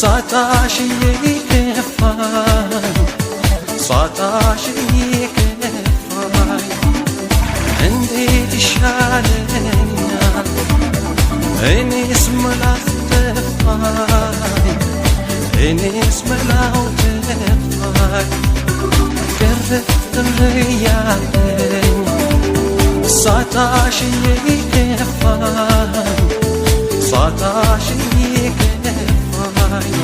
ساتاش يكفاي ساتاش يكفاي عندي تشالني عيني اسم لا تفاي عيني اسم لا تفاي قربت الغيابين ساتاش يكفاي ساتاش Thank you.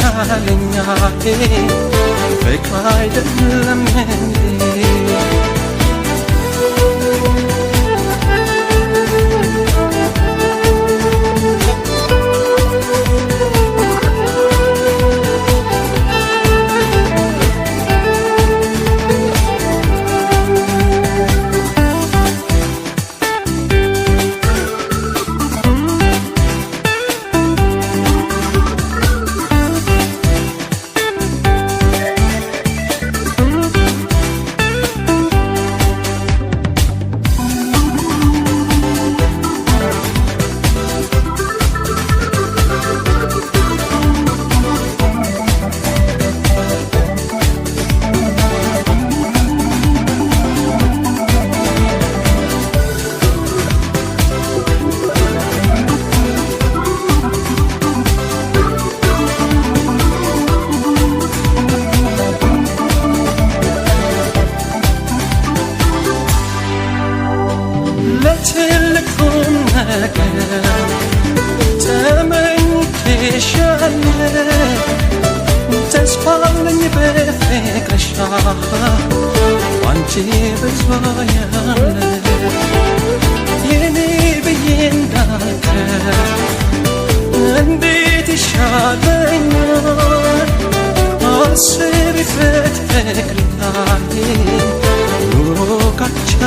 ካለኛ በቃ አይደለም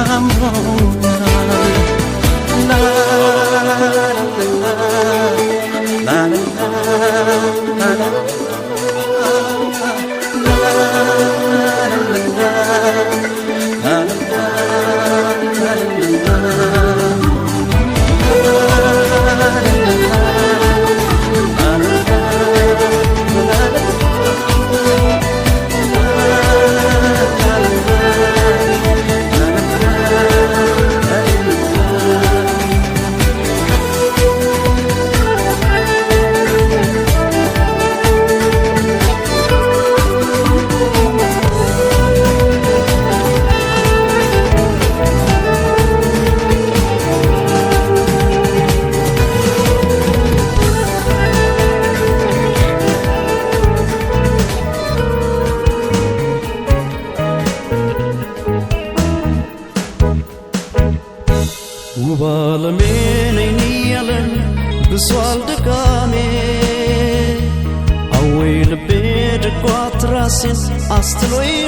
I'm wrong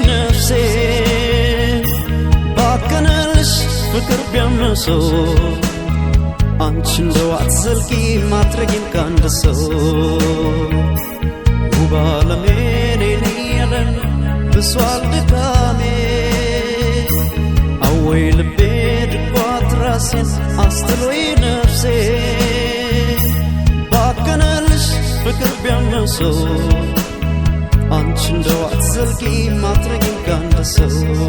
ነፍሴ ባከነልሽ ፍቅር ቢያምሰው አንቺ እንደው አትዘልቂ ማትረጊም ከአንድ ሰው ውብ ያለን ብሷል ድካሜ አወይ ልቤ ድጓት ራሴን አስትሎይ ነፍሴ ባከነልሽ ፍቅር አንቺ እንደው አትዘልቂ ማትረግም ከአንድ ሰው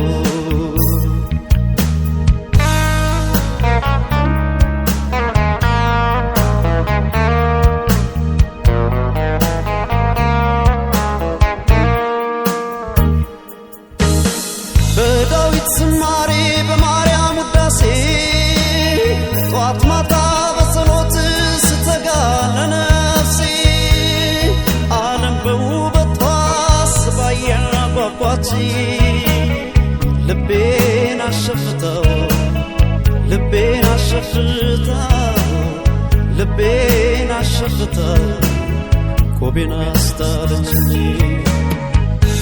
ትዝታ ኮቤን አስታለች እንጂ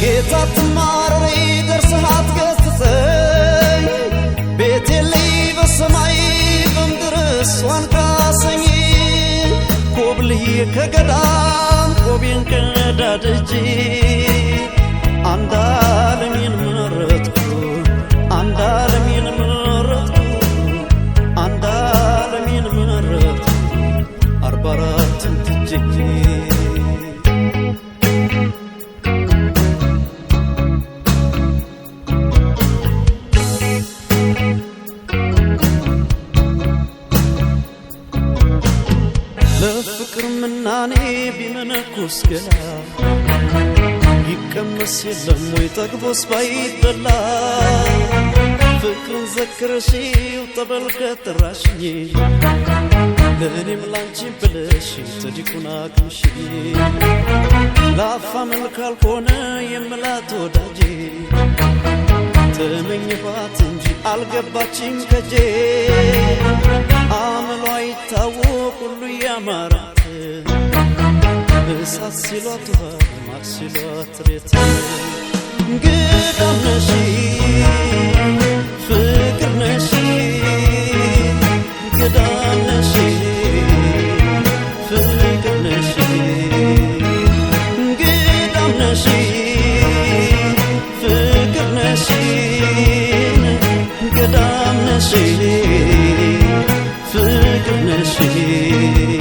ጌታ ትማረሬ ደርስሃት ገስጸኝ ቤቴ ላይ በሰማይ በምድር እሷን ካሰኝ ኮብልዬ ከገዳም ኮቤን ቀዳደጄ አንድ ዓለሜን መረጥኩ አንድ ዓለሜን መረጥኩ ትቼ ለፍቅር ምናኔ ቢመነኩስ ገላ ይቀመስ የለም ወይ ጠግቦስ ባይበላ ፍቅርን ዘክረሽው ጠበልከ ገጥራሽኝ ለእኔም ላንቺም ብለሽ ጽድቁን አቅምሽ ላፋ መልክ አልሆነ የምላት ወዳጄ ተመኝኋት እንጂ አልገባችም ከጄ አምሏ ይታወቅ ሁሉ ያማራት እሳት ሲሏት ውሃ ማር ሲሏት ሬት ግዳም ነሽ ፍቅር ነሽ ግዳም ነሽ 心，自由的心。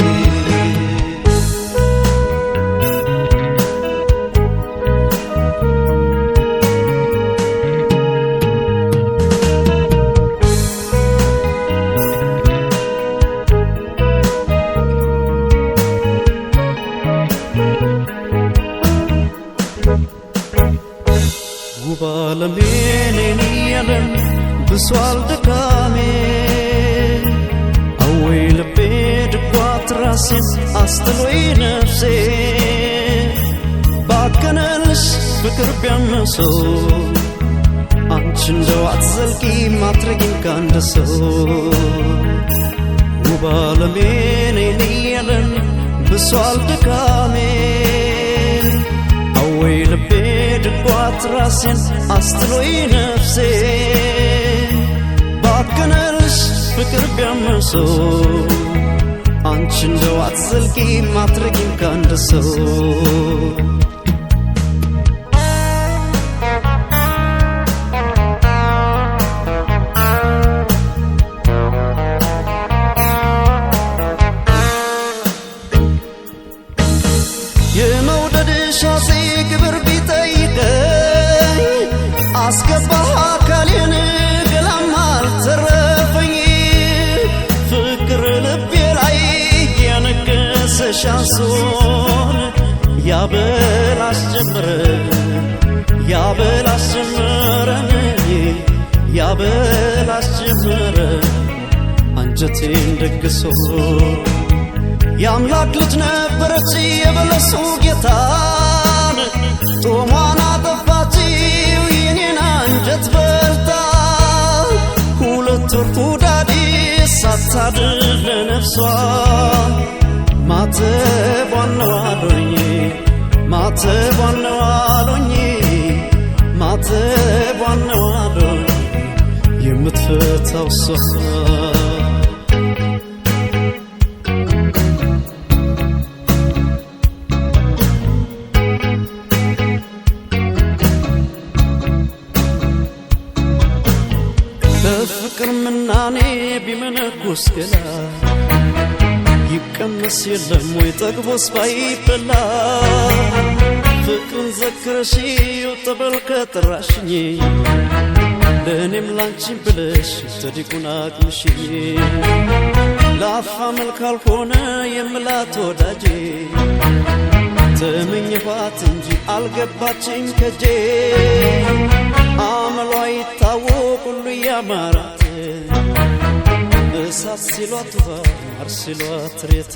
ሰው አንቺ እንደው አትዘልቂ ማትረጊም ከአንድ ሰው ውብ ዓለሜ ነይን ብሷል ድካሜን አወይ ልቤ ድጓት ራሴን አስትሎይ ነፍሴ ባከነልሽ ፍቅር ቢያምን ሰው አንቺ እንደው አትዘልቂ ማትረጊም ከአንድ ሰው ያበል አስጀመረን አንጀቴን ደግሶ የአምላክ ልጅ ነበረች የበለሱ ጌታን ጦሟን አጠፋችው አንጀት በልታ ሁለት ወር ሳታድር ለነፍሷ ገንዘብ ዋናው የምትፈታው ስፍራ በፍቅር ምናኔ ቢመነኩስ ገላ ይቀመስ የለም ወይ ጠግቦስ ባይበላ ዘክረሽው ጠበል ከጠራሽኝ ለእኔም ላንቺም ብለሽ ዘዲቁን አቅምሽኝ ለአፋ መልክ አልሆነ የምላት ወዳጄ ተመኘኋት እንጂ አልገባችኝ ከጄ አመሏ ይታወቅ ሁሉ እያማራት እሳት ሲሏት ውሃ ማር ሲሏት ሬት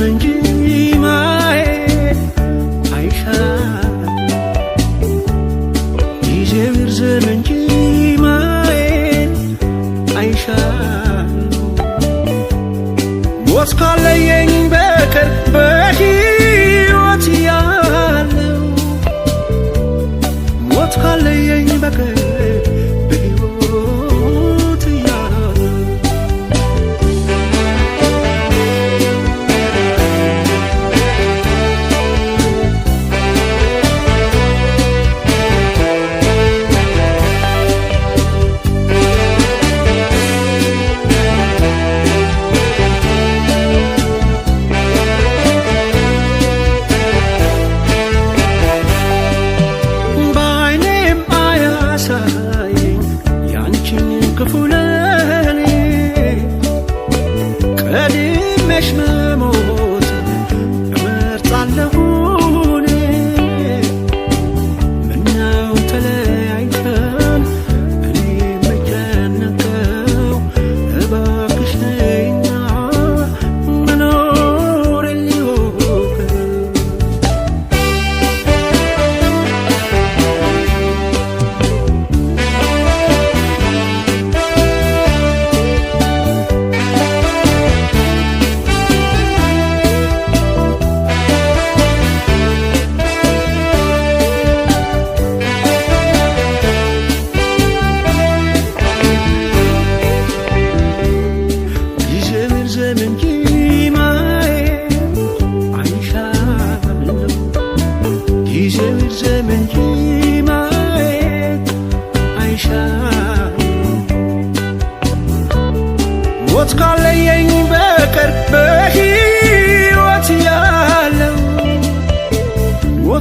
hemen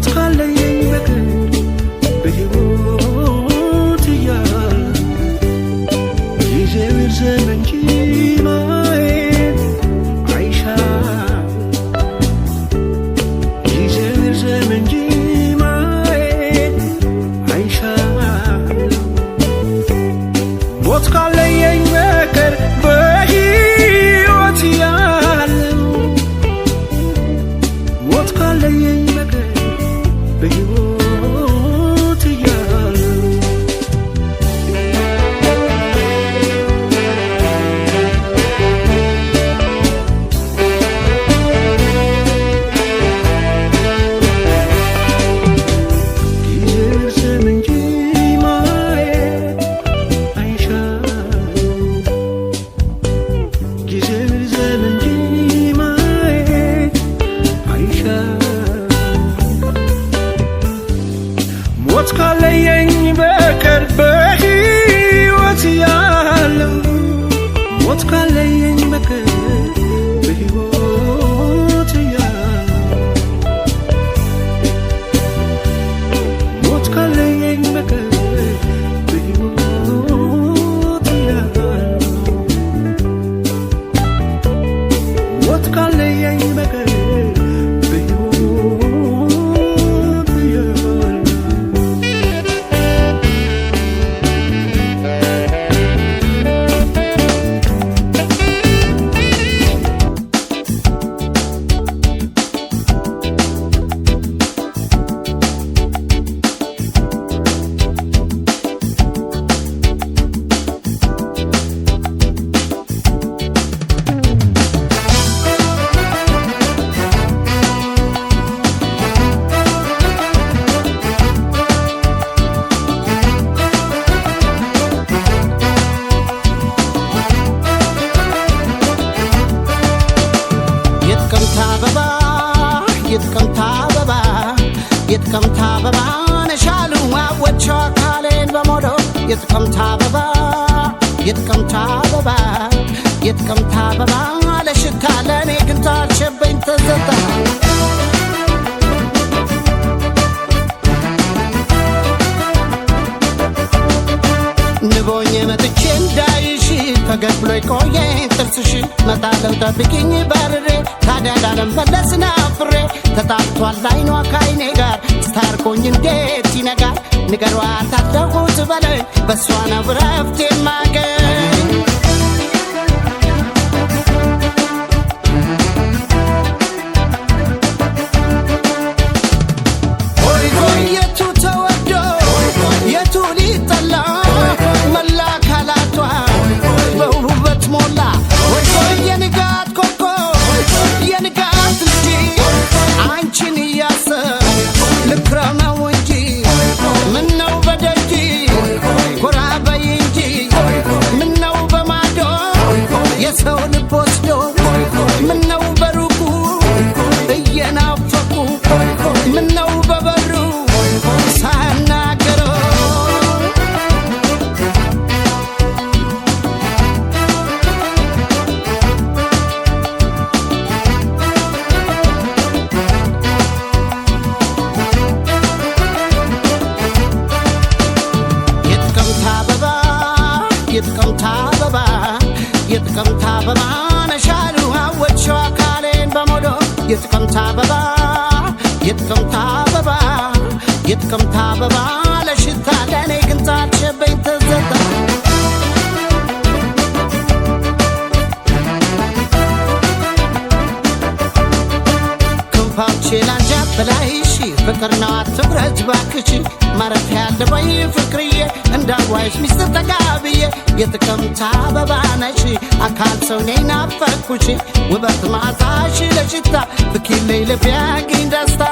ትሞታለች yeah, you make a የጥቅምት አበባ ነሻሉማ ወቻ ካሌን በሞዶ የጥቅምት አበባ የጥቅምት አበባ የጥቅምት አበባ ለሽታ ለእኔ ግን ታሸበኝ ትዝታ ስቦኝ መጥቼ እንዳይሽ ፈገግ ብሎ ቆየ ጥርስሽ መጣለው ጠብቂኝ በርሬ ታዲያ ላለም ፍሬ ናፍሬ አይኗ ካይኔ ጋር ስታርቆኝ እንዴት ይነጋል ንገሯ ታደጉት በለኝ በእሷ ነው ረፍት የማገኝ Tony Boy. አንቺ ላንቺ በላይሽ ፍቅር ነው አትምረጅ ባክሽ ማረፊያ ያለበይ ፍቅርዬ እንዳዋይሽ ሚስጥር ተጋብዬ የጥቅምት አበባ ነሽ አካል ሰው ነይ ናፈኩሽ ውበት ማዛሽ ለሽታ ፍኪሌ ልቤ ያግኝ ደስታ